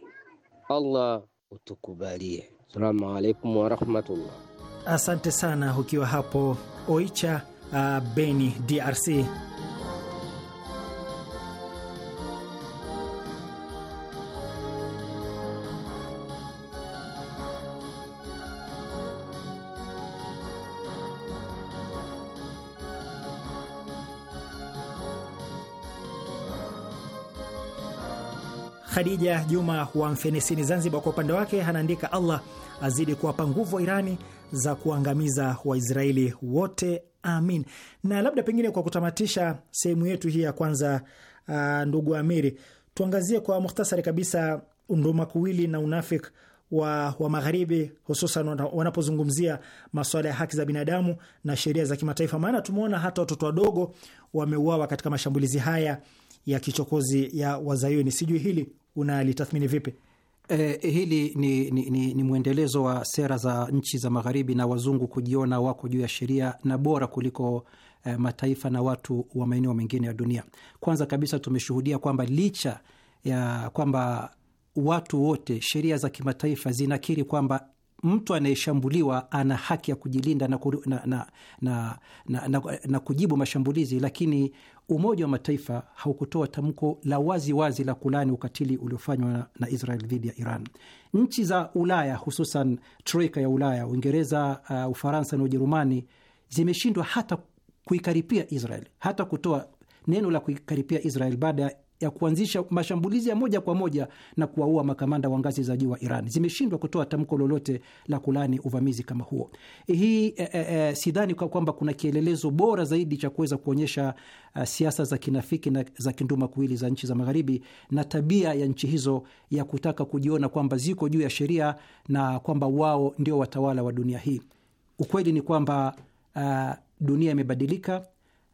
Allah utukubalie. Assalamu alaikum warahmatullah. Asante sana ukiwa hapo Oicha, uh, Beni, DRC. Khadija Juma wa Mfenesini, Zanzibar, kwa upande wake anaandika, Allah azidi kuwapa nguvu wa Irani za kuangamiza Waisraeli wote, amin. Na labda pengine kwa kutamatisha sehemu yetu hii ya kwanza, uh, ndugu Amiri, tuangazie kwa muhtasari kabisa ndumakuwili na unafik wa, wa magharibi hususan wanapozungumzia masuala ya haki za binadamu na sheria za kimataifa, maana tumeona hata watoto wadogo wameuawa katika mashambulizi haya ya kichokozi ya Wazayuni. Sijui hili unalitathmini vipi? Eh, hili ni, ni, ni, ni mwendelezo wa sera za nchi za magharibi na wazungu kujiona wako juu ya sheria na bora kuliko eh, mataifa na watu wa maeneo mengine ya dunia. Kwanza kabisa tumeshuhudia kwamba licha ya kwamba watu wote, sheria za kimataifa zinakiri kwamba mtu anayeshambuliwa ana haki ya kujilinda na, na, na, na, na, na, na kujibu mashambulizi, lakini Umoja wa Mataifa haukutoa tamko la wazi wazi la kulani ukatili uliofanywa na Israel dhidi ya Iran. Nchi za Ulaya, hususan troika ya Ulaya, Uingereza, uh, Ufaransa na Ujerumani zimeshindwa hata kuikaripia Israel, hata kutoa neno la kuikaripia Israel baada ya ya kuanzisha mashambulizi ya moja kwa moja na kuwaua makamanda wa ngazi za juu wa Iran zimeshindwa kutoa tamko lolote la kulani uvamizi kama huo. Eh, hii e, e, sidhani kwa kwamba kuna kielelezo bora zaidi cha kuweza kuonyesha uh, siasa za kinafiki na za kinduma kuwili za nchi za Magharibi na tabia ya nchi hizo ya kutaka kujiona kwamba ziko juu ya sheria na kwamba wao ndio watawala wa dunia hii. Ukweli ni kwamba uh, dunia imebadilika.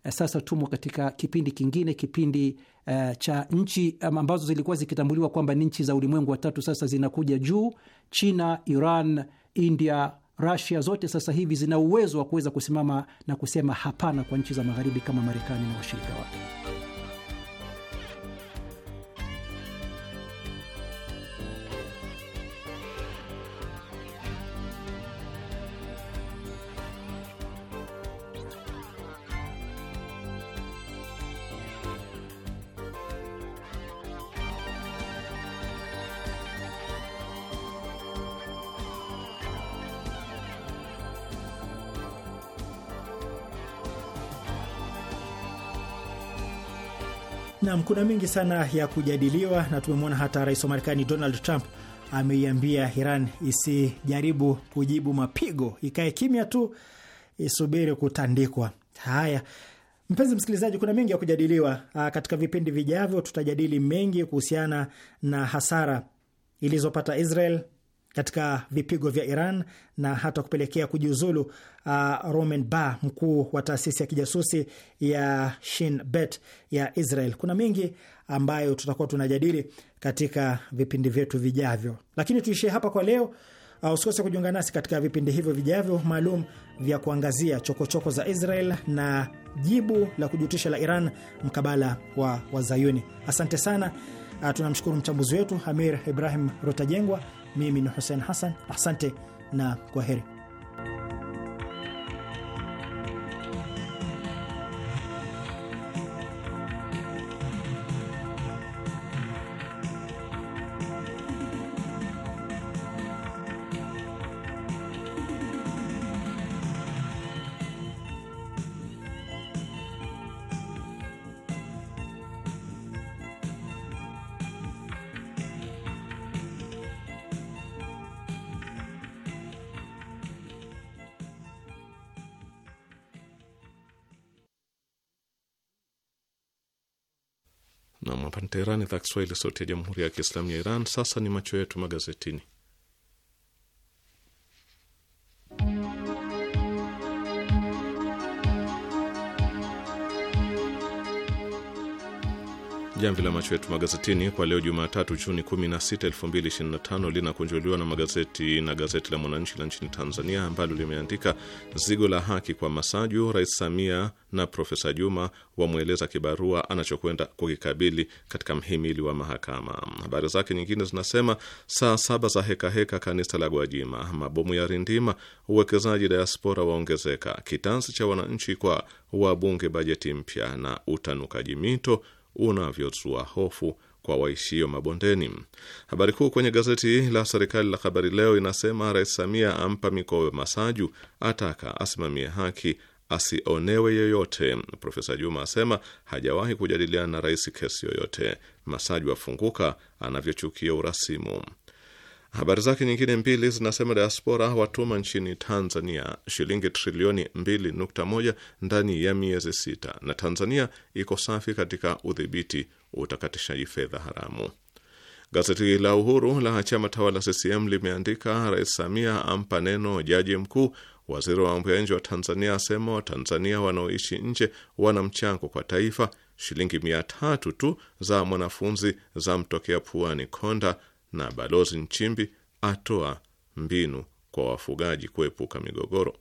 Sasa tumo katika kipindi kingine, kipindi uh, cha nchi ambazo zilikuwa zikitambuliwa kwamba ni nchi za ulimwengu wa tatu, sasa zinakuja juu. China, Iran, India, rasia zote sasa hivi zina uwezo wa kuweza kusimama na kusema hapana kwa nchi za magharibi kama Marekani na washirika wake. Nam, kuna mengi sana ya kujadiliwa na tumemwona hata rais wa Marekani Donald Trump ameiambia Iran isijaribu kujibu mapigo, ikae kimya tu isubiri kutandikwa. Haya, mpenzi msikilizaji, kuna mengi ya kujadiliwa. Ah, katika vipindi vijavyo, tutajadili mengi kuhusiana na hasara ilizopata Israel katika vipigo vya Iran na hata kupelekea kujiuzulu uh, Roman Bar, mkuu wa taasisi ya kijasusi ya Shin Bet ya Israel. Kuna mengi ambayo tutakuwa tunajadili katika vipindi vyetu vijavyo, lakini tuishie hapa kwa leo. Uh, usikose kujiunga nasi katika vipindi hivyo vijavyo maalum vya kuangazia chokochoko choko za Israel na jibu la kujutisha la Iran mkabala wa Wazayuni. Asante sana. Uh, tunamshukuru mchambuzi wetu Amir Ibrahim Rutajengwa mimi ni Hussein Hassan, asante na kwa heri. Kiswahili, sauti ya jamhuri ya kiislamu ya Iran. Sasa ni macho yetu magazetini. Jamvi la macho yetu magazetini kwa leo Jumatatu Juni 16, 2025 linakunjuliwa na magazeti na gazeti la Mwananchi la nchini Tanzania ambalo limeandika zigo la haki kwa Masaju, Rais Samia na Profesa Juma wamweleza kibarua anachokwenda kukikabili katika mhimili wa mahakama. Habari zake nyingine zinasema saa saba za hekaheka heka kanisa la Gwajima, mabomu ya rindima, uwekezaji diaspora waongezeka, kitanzi cha wananchi kwa wabunge, bajeti mpya na utanukaji mito unavyotua hofu kwa waishio mabondeni. Habari kuu kwenye gazeti la serikali la Habari Leo inasema Rais Samia ampa mikoo Masaju, ataka asimamie haki asionewe yoyote. Profesa Juma asema hajawahi kujadiliana na rais kesi yoyote. Masaju afunguka anavyochukia urasimu. Habari zake nyingine mbili zinasema diaspora watuma nchini Tanzania shilingi trilioni 2.1 ndani ya miezi sita, na Tanzania iko safi katika udhibiti utakatishaji fedha haramu. Gazeti la Uhuru la chama tawala CCM limeandika, Rais Samia ampa neno jaji mkuu. Waziri wa mambo ya nje wa Tanzania asema Watanzania wanaoishi nje wana mchango kwa taifa. Shilingi mia tatu tu za mwanafunzi za mtokea puani konda na Balozi Nchimbi atoa mbinu kwa wafugaji kuepuka migogoro.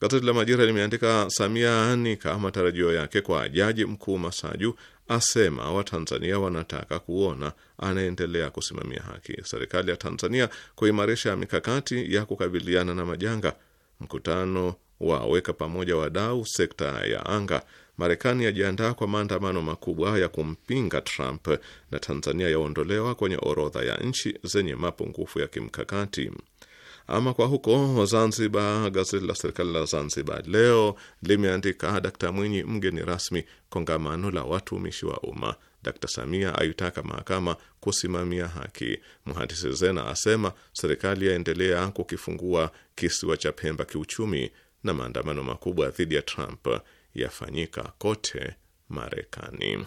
Gazeti la Majira limeandika Samia anika kama tarajio yake kwa Jaji Mkuu Masaju, asema Watanzania wanataka kuona anaendelea kusimamia haki. Serikali ya Tanzania kuimarisha mikakati ya kukabiliana na majanga. Mkutano waweka pamoja wadau sekta ya anga Marekani yajiandaa kwa maandamano makubwa ya kumpinga Trump na Tanzania yaondolewa kwenye orodha ya nchi zenye mapungufu ya kimkakati. Ama kwa huko Zanzibar, gazeti la serikali la Zanzibar leo limeandika Dkt Mwinyi mgeni rasmi kongamano la watumishi wa umma. Dkt Samia aitaka mahakama kusimamia haki. Mhandisi Zena asema serikali yaendelea kukifungua kisiwa cha Pemba kiuchumi, na maandamano makubwa dhidi ya Trump yafanyika kote Marekani.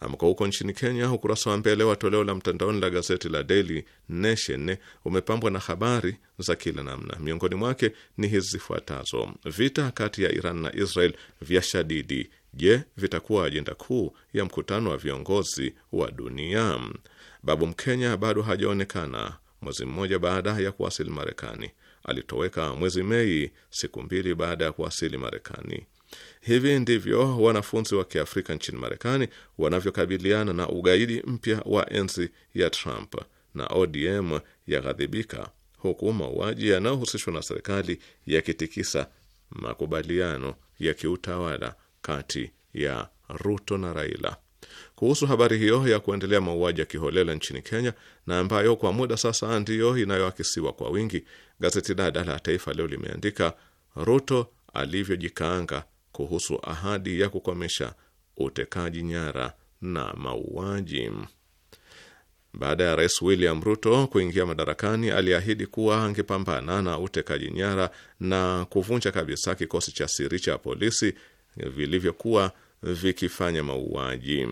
Amko huko nchini Kenya, ukurasa wa mbele wa toleo la mtandaoni la gazeti la Daily Nation umepambwa na habari za kila namna. Miongoni mwake ni hizi zifuatazo: vita kati ya Iran na Israel vya shadidi. Je, vitakuwa ajenda kuu ya mkutano wa viongozi wa dunia? Babu Mkenya bado hajaonekana mwezi mmoja baada ya kuwasili Marekani. Alitoweka mwezi Mei, siku mbili baada ya kuwasili Marekani. Hivi ndivyo wanafunzi wa Kiafrika nchini Marekani wanavyokabiliana na ugaidi mpya wa enzi ya Trump na ODM yaghadhibika, huku mauaji yanayohusishwa na serikali yakitikisa makubaliano ya kiutawala kati ya Ruto na Raila. Kuhusu habari hiyo ya kuendelea mauaji ya kiholela nchini Kenya na ambayo kwa muda sasa ndiyo inayoakisiwa kwa wingi, gazeti dada la Taifa Leo limeandika Ruto alivyojikaanga kuhusu ahadi ya kukomesha utekaji nyara na mauaji. Baada ya Rais William Ruto kuingia madarakani, aliahidi kuwa angepambana na utekaji nyara na kuvunja kabisa kikosi cha siri cha polisi vilivyokuwa vikifanya mauaji.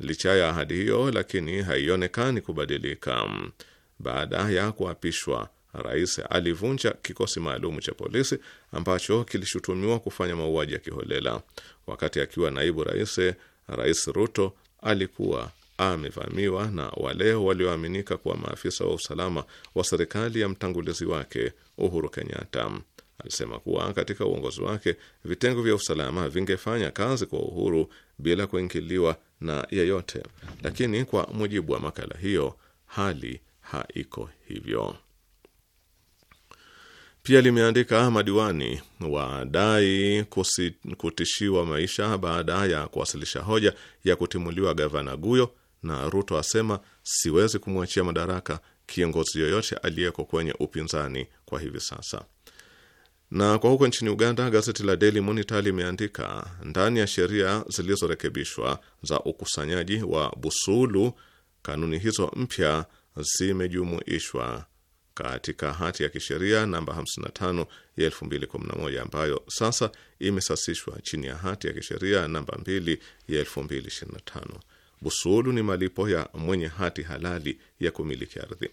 Licha ya ahadi hiyo, lakini haionekani kubadilika baada ya kuapishwa rais alivunja kikosi maalum cha polisi ambacho kilishutumiwa kufanya mauaji ya kiholela. Wakati akiwa naibu rais, Rais Ruto alikuwa amevamiwa na wale walioaminika kuwa maafisa wa usalama wa serikali ya mtangulizi wake Uhuru Kenyatta. Alisema kuwa katika uongozi wake vitengo vya usalama vingefanya kazi kwa uhuru bila kuingiliwa na yeyote, lakini kwa mujibu wa makala hiyo hali haiko hivyo. Pia limeandika madiwani wadai kusi, kutishiwa maisha baada ya kuwasilisha hoja ya kutimuliwa gavana Guyo, na Ruto asema siwezi kumwachia madaraka kiongozi yoyote aliyeko kwenye upinzani kwa hivi sasa. Na kwa huko nchini Uganda, gazeti la Daily Monitor limeandika ndani ya sheria zilizorekebishwa za ukusanyaji wa busulu, kanuni hizo mpya zimejumuishwa katika hati ya kisheria namba 55 ya 2011 ambayo sasa imesasishwa chini ya hati ya kisheria namba 2 ya 2025. Busuulu ni malipo ya mwenye hati halali ya kumiliki ardhi.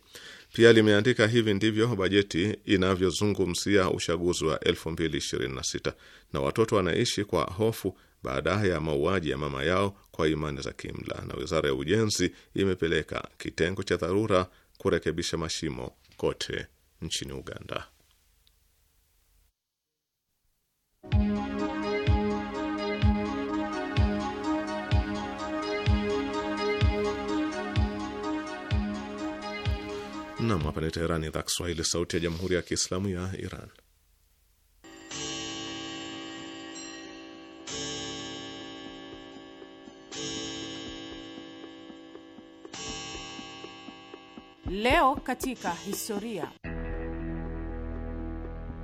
Pia limeandika hivi ndivyo bajeti inavyozungumzia uchaguzi wa 2026 na watoto wanaishi kwa hofu baada ya mauaji ya mama yao kwa imani za kimla, na wizara ya ujenzi imepeleka kitengo cha dharura kurekebisha mashimo kote nchini Uganda. Nam, hapa ni Teherani, idhaa Kiswahili, sauti ya jamhuri ya kiislamu ya Iran. Leo katika historia.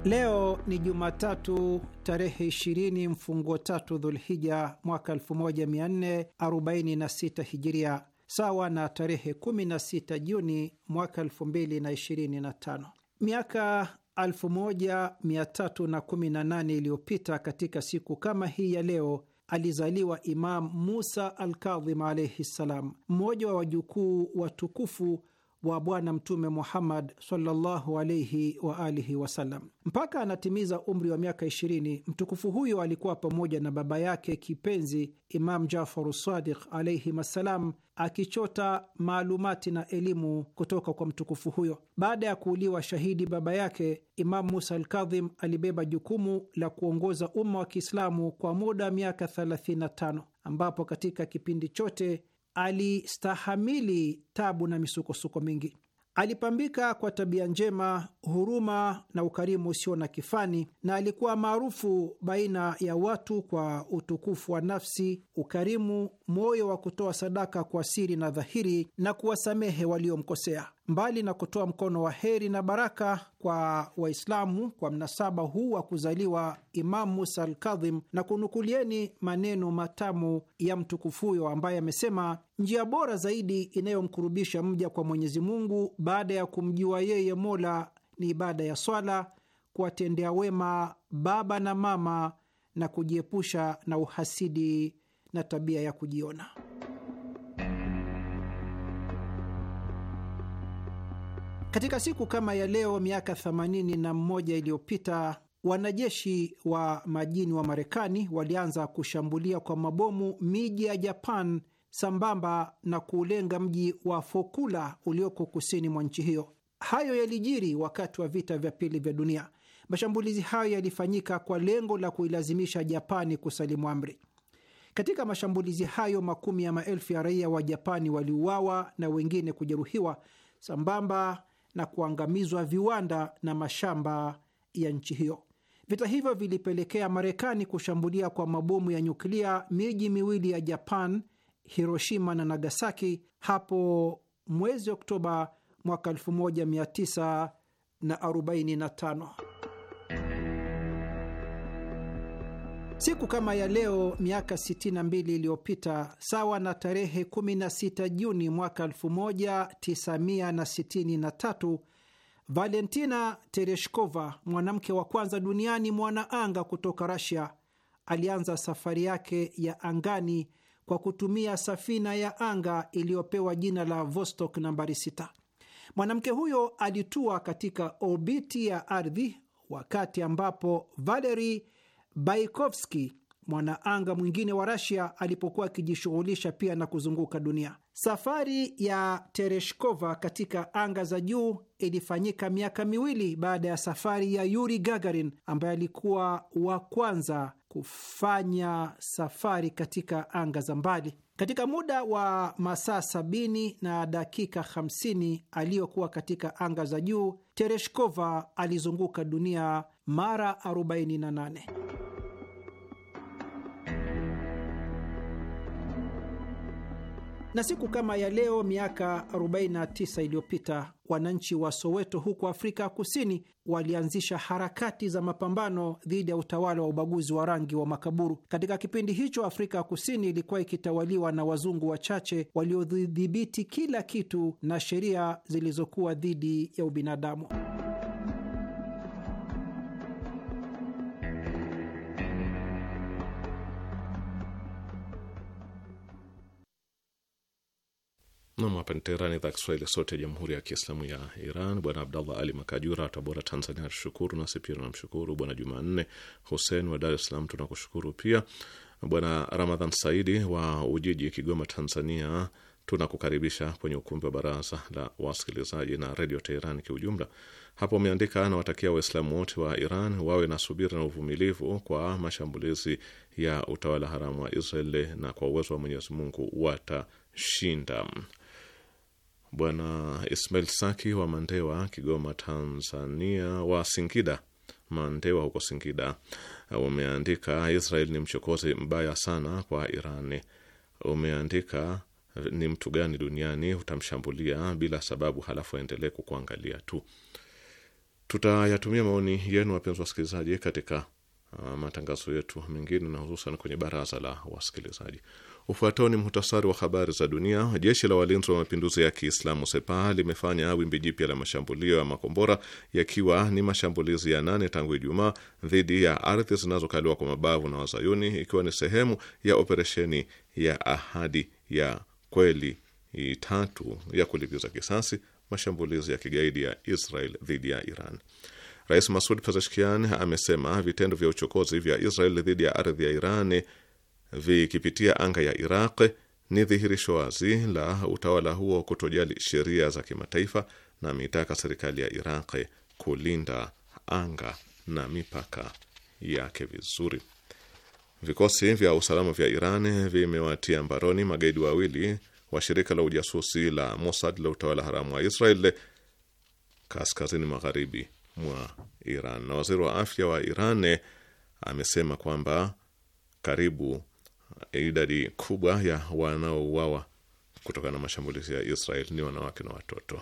Leo ni Jumatatu tarehe 20 mfunguo tatu Dhulhija mwaka 1446 Hijiria, sawa na tarehe 16 Juni mwaka 2025. Miaka 1318 iliyopita katika siku kama hii ya leo alizaliwa Imam Musa Alkadhim alaihi ssalam, mmoja wa wajukuu watukufu wa Bwana Mtume Muhammad sallallahu alaihi wa alihi wasallam mpaka anatimiza umri wa miaka 20. Mtukufu huyo alikuwa pamoja na baba yake kipenzi Imam Jafaru Sadiq alaihim assalam, akichota maalumati na elimu kutoka kwa mtukufu huyo. Baada ya kuuliwa shahidi baba yake, Imam Musa Alkadhim alibeba jukumu la kuongoza umma wa Kiislamu kwa muda wa miaka 35 ambapo katika kipindi chote alistahamili tabu na misukosuko mingi. Alipambika kwa tabia njema, huruma na ukarimu usio na kifani, na alikuwa maarufu baina ya watu kwa utukufu wa nafsi, ukarimu, moyo wa kutoa sadaka kwa siri na dhahiri, na kuwasamehe waliomkosea mbali na kutoa mkono wa heri na baraka kwa Waislamu kwa mnasaba huu wa kuzaliwa Imamu Musa Alkadhim, na kunukulieni maneno matamu ya mtukufu huyo ambaye amesema, njia bora zaidi inayomkurubisha mja kwa Mwenyezi Mungu baada ya kumjua yeye Mola ni ibada ya swala, kuwatendea wema baba na mama, na kujiepusha na uhasidi na tabia ya kujiona. Katika siku kama ya leo miaka 81 iliyopita wanajeshi wa majini wa Marekani walianza kushambulia kwa mabomu miji ya Japan sambamba na kuulenga mji wa Fokula ulioko kusini mwa nchi hiyo. Hayo yalijiri wakati wa vita vya pili vya dunia. Mashambulizi hayo yalifanyika kwa lengo la kuilazimisha Japani kusalimu amri. Katika mashambulizi hayo, makumi ya maelfu ya raia wa Japani waliuawa na wengine kujeruhiwa sambamba na kuangamizwa viwanda na mashamba ya nchi hiyo. Vita hivyo vilipelekea Marekani kushambulia kwa mabomu ya nyuklia miji miwili ya Japan, Hiroshima na Nagasaki, hapo mwezi Oktoba mwaka 1945. Siku kama ya leo miaka 62 iliyopita, sawa na tarehe 16 Juni mwaka 1963, Valentina Tereshkova, mwanamke wa kwanza duniani mwanaanga kutoka Russia, alianza safari yake ya angani kwa kutumia safina ya anga iliyopewa jina la Vostok nambari 6. Mwanamke huyo alitua katika orbiti ya ardhi wakati ambapo Valery Baikovski, mwanaanga mwingine wa Rasia, alipokuwa akijishughulisha pia na kuzunguka dunia. Safari ya Tereshkova katika anga za juu ilifanyika miaka miwili baada ya safari ya Yuri Gagarin ambaye alikuwa wa kwanza kufanya safari katika anga za mbali. Katika muda wa masaa sabini na dakika hamsini aliyokuwa katika anga za juu, Tereshkova alizunguka dunia mara 48. na siku kama ya leo miaka 49 iliyopita wananchi wa Soweto huko Afrika Kusini walianzisha harakati za mapambano dhidi ya utawala wa ubaguzi wa rangi wa makaburu. Katika kipindi hicho, Afrika Kusini ilikuwa ikitawaliwa na wazungu wachache waliodhibiti kila kitu na sheria zilizokuwa dhidi ya ubinadamu. Nam, hapa ni Teherani, idhaa Kiswahili sote ya jamhuri ya kiislamu ya Iran. Bwana Abdallah Ali Makajura, Tabora, Tanzania, tushukuru. Nasi pia tunamshukuru. Bwana Jumanne Hussein wa Dar es Salaam, tunakushukuru pia. Bwana Ramadhan Saidi wa Ujiji, Kigoma, Tanzania, tunakukaribisha kwenye ukumbi wa baraza la wasikilizaji na redio Teherani kiujumla. Hapo umeandika nawatakia Waislamu wote wa Iran wawe na subira na uvumilivu kwa mashambulizi ya utawala haramu wa Israel na kwa uwezo wa Mwenyezi Mungu watashinda. Bwana Ismail Saki wa Mandewa, Kigoma, Tanzania, wa Singida Mandewa huko Singida uh, umeandika, Israel ni mchokozi mbaya sana kwa Irani. Umeandika, ni mtu gani duniani utamshambulia bila sababu, halafu aendelee kukuangalia tu? Tutayatumia maoni yenu wapenzi wasikilizaji, katika uh, matangazo yetu mengine na hususan kwenye baraza la wasikilizaji. Ufuatao ni muhtasari wa habari za dunia. Jeshi la walinzi wa mapinduzi ya Kiislamu Sepah limefanya wimbi jipya la mashambulio ya makombora yakiwa ni mashambulizi ya nane tangu Ijumaa dhidi ya ardhi zinazokaliwa kwa mabavu na Wazayuni, ikiwa ni sehemu ya operesheni ya Ahadi ya Kweli tatu ya kulipiza kisasi mashambulizi ya kigaidi ya Israel dhidi ya Iran. Rais Masud Pezeshkian amesema vitendo vya uchokozi vya Israel dhidi ya ardhi ya Iran vikipitia anga ya Iraq ni dhihirisho wazi la utawala huo kutojali sheria za kimataifa na ameitaka serikali ya Iraq kulinda anga na mipaka yake vizuri. Vikosi vya usalama vya Iran vimewatia mbaroni magaidi wawili wa shirika la ujasusi la Mossad la utawala haramu wa Israel kaskazini magharibi mwa Iran, na waziri wa afya wa Iran amesema kwamba karibu Eh, idadi kubwa ya wanaouawa kutokana na mashambulizi ya Israel ni wanawake na watoto.